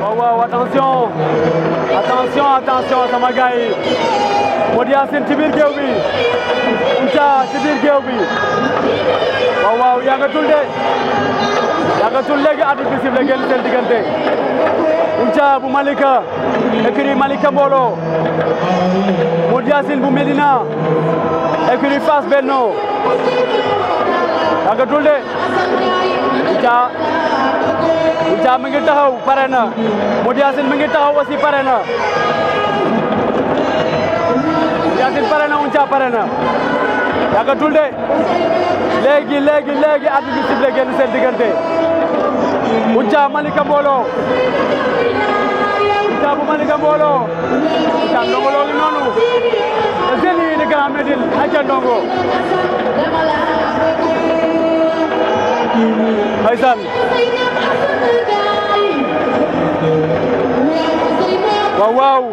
Waouh, attention attention attention sama gars yi Modou Yacine ci biir géew bi Kouthia ci biir géew bi waaw waaw yàggatul de yàggatul léegi at bi sifle génn seen diggante Kouthia Malika écurie Malika Mbolo Modou Yacine bu Medina écurie Fass Benno yàggatul de Ucha. Kouthia mi ngi taxaw pare na Modou Yacine mi ngi taxaw aussi pare na Yacine pare na Kouthia pare na yàggatul de léegi léegi léegi at bi sifflé génn seen diggante Kouthia Malika Mbooloo Kouthia bu Malika Mbooloo noonu te seen yi di Grand Médine ay ca ndongo ndeysaan waaw waaw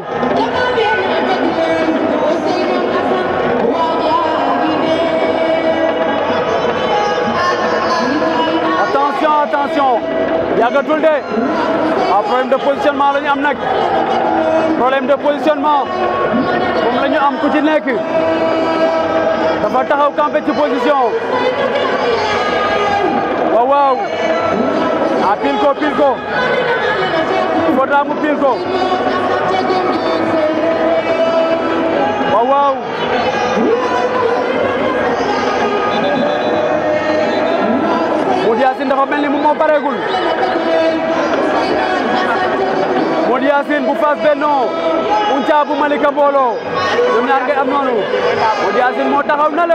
attention attention yàggatul de ah problème de positionnement la ñu am nag problème de positionnement moom la ñu ci nekk dafa taxaw campé ci position waaw waaw a ah, pil ko pil ko fota mu pil ko waaw dafa mel ni mu moo pareegul Modou Yacine bu Fass Benno Ounthia bu Malika Mbolo ñaar ngay am noonu Modou Yacine moo taxaw na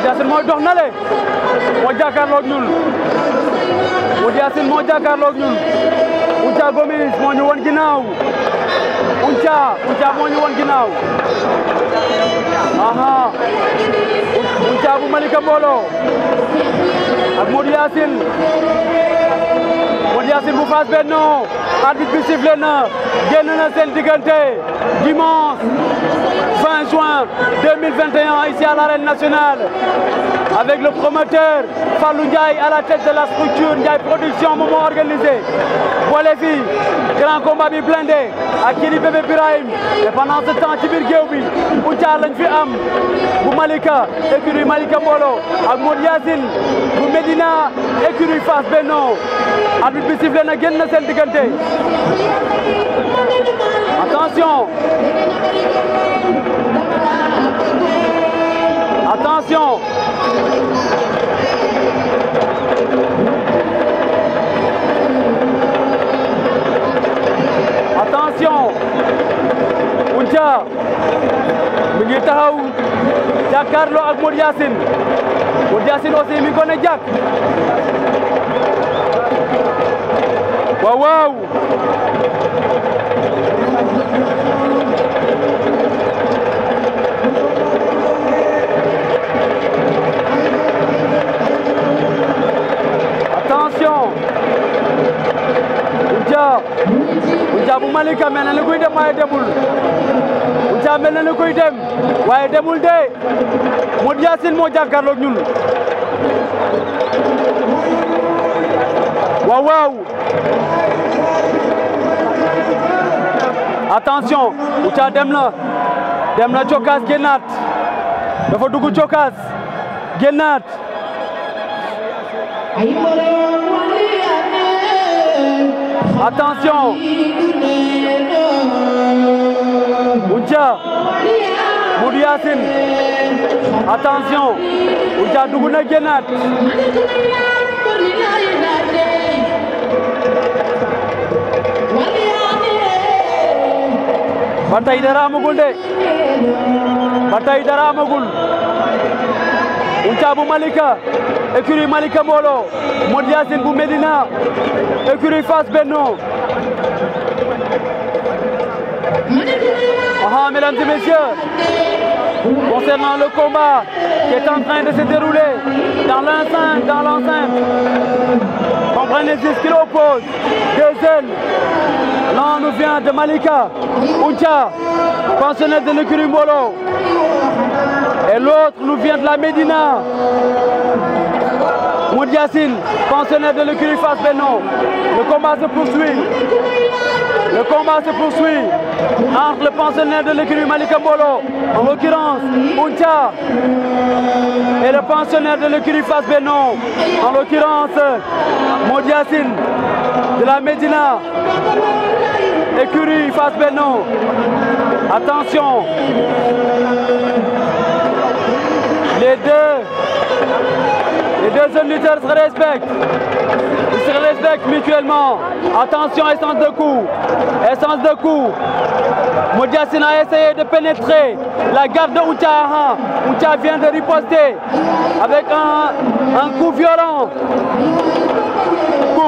Modou Yacine mooy dox moo jàkkaarloog ñun Modou Yacine moo jàkkaarloog ñun Ounthia Gomis moo ñu won ginnaaw Ounthia Ounthia moo ñu won ginnaaw aha Ounthia bu Malika Mbolo ak Modou Yacine Modou Yacine bu Fass Benno arbitre bi sifflé na génn na seen diggante 20 juin 2021 ici à l'arène nationale avec le promoteur Fallou Ndiaye à la tête de la structure Ndiaye Production moment organisé. les filles, grand combat blindé à kii et pendant ce temps à Géoubi géew bi am Malika écurie Malika Bolo, ak Medina écurie Fass Beno arbitre bi na attention Attention Attention Kouthia mi ngi taxaw jàkkaarloo ak Modou Yacine Modou Yacine aussi mi ko bu Malika mena na ni dem waaye demul Outhia mel na ni dem waye demul de mod yassine mo jàkkaarloog ñun waaw waaw attention Outhia dem na dem na cokaas génnaat dafa dugg cokaas génnaat attention Outhia Modou Yacine attention Outhia dugg na génnaat ba tey dara amagul de ba tey dara amagul Outhia bu Malika écurie Malika Mbolo Modou Yacine bu Medina écurie Fass Benno mesdames et messieurs, concernant le combat qui est en train de se dérouler dans l'enceinte, dans l'enceinte, comprenez-vous ce qu'il oppose deux ailes. L'un nous vient de Malika, Uncha, pensionnaire de l'Ecurimoro, Et l'autre nous vient de la Médina, Moudiassine, pensionnaire de l'Ukurifas Beno. Le combat se poursuit. Le combat se poursuit entre le pensionnaire de l'écurie Malika Mbolo, en l'occurrence Muncha, et le pensionnaire de l'écurie Fas Benon, en l'occurrence euh, Modiasine de la Médina, écurie Fas Benon. Attention, les deux, les deux lutteurs se respectent mutuellement. Attention, essence de coup. Essence de coup. Modiassin a essayé de pénétrer la garde de Oucha. Oucha vient de riposter avec un, un coup violent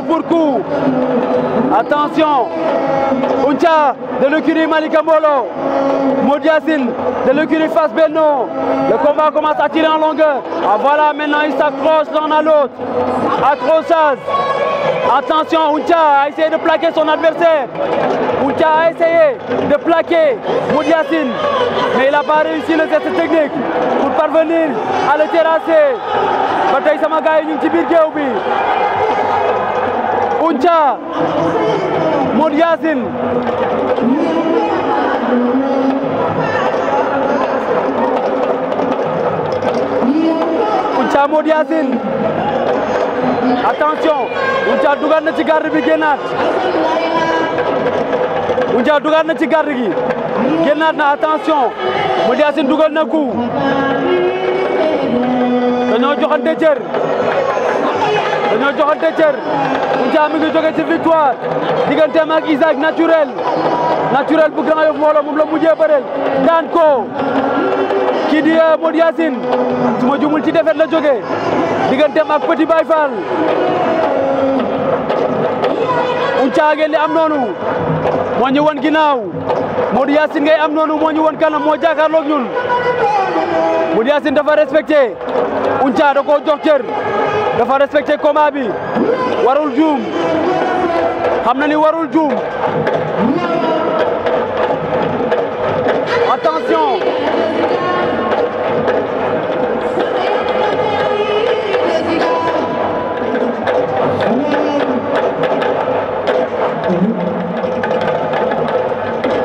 pour coup. Attention, Uncha de l'écurie malikabolo Modiasine de l'écurie Face Beno. Le combat commence à tirer en longueur. Ah, voilà, maintenant il s'accroche l'un à l'autre. Accrochage. Attention, Uncha a essayé de plaquer son adversaire. Uncha a essayé de plaquer Modiasine, mais il n'a pas réussi le geste technique pour parvenir à le terrasser. Bataille Samagaï, une Kouthia Modou Yacine Kouthia Modou Yacine attention Kouthia dugal na ci garde bi na ci garde gi génnaat na attention Modou Yacine dugal na dañoo joxante cër Kouthia mi ngi jóge ci victoire digganteem ak Isaac naturel naturel bu Grand Yoff Mbooloo mu la mujjee bëreel daan ko kii di euh, Modou Yacine su ma jumul ci defet la jóge digganteem ak Petit Baye Fall Kouthia ngeen am noonu moo ñu won ginnaaw Modou Yacine ngay am noonu moo ñu won kanam moo jàkkaarloog ñun Modou Yacine dafa respecté Kouthia da koo jox cër respecter respecter combat bi warul Djoum. xam warul Djoum. attention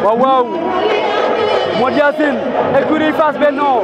Waouh Yacine il Benno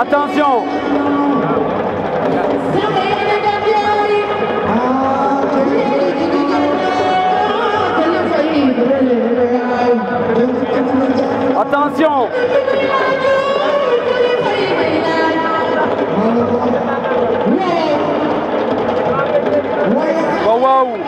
Attention Attention Wow,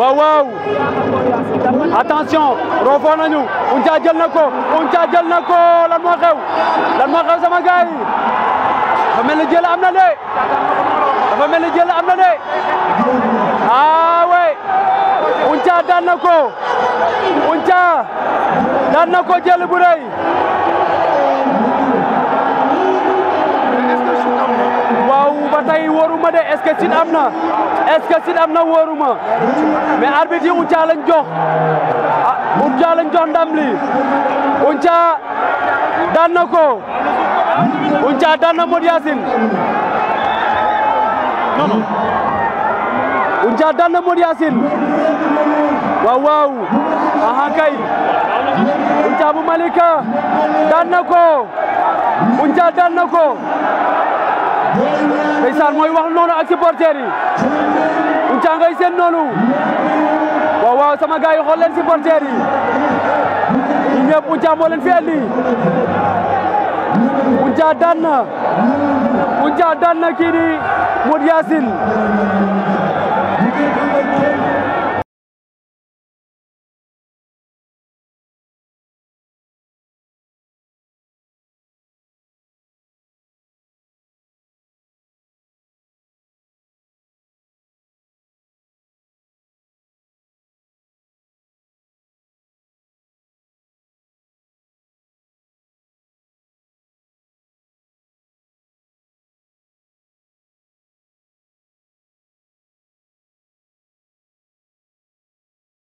waaw waaw attention roofoo nañu Ounthia jël na ko Ounthia jël na ko lan xew lan xew sama gars yi dafa mel ni jël am na de dafa mel ni jël am na de ah oui Ounthia daan na ko Ounthia daan na ko jël bu ma de est-ce am na est-ce am na wóoruma mais arbitre yi Ounthia lañ jox ah, Ounthia lañ jox ndam li Ounthia daan ko Ounthia daan na Modou Yacine non kay Ounthia bu Malika daan ko Ounthia daan ko ndeysaan mooy wax noonu ak supporters yi Ounthia ngay seen noonu waaw waaw sama gars yi xool leen supporters yi ñun ñëpp Ounthia moo leen fi andi Ounthia daan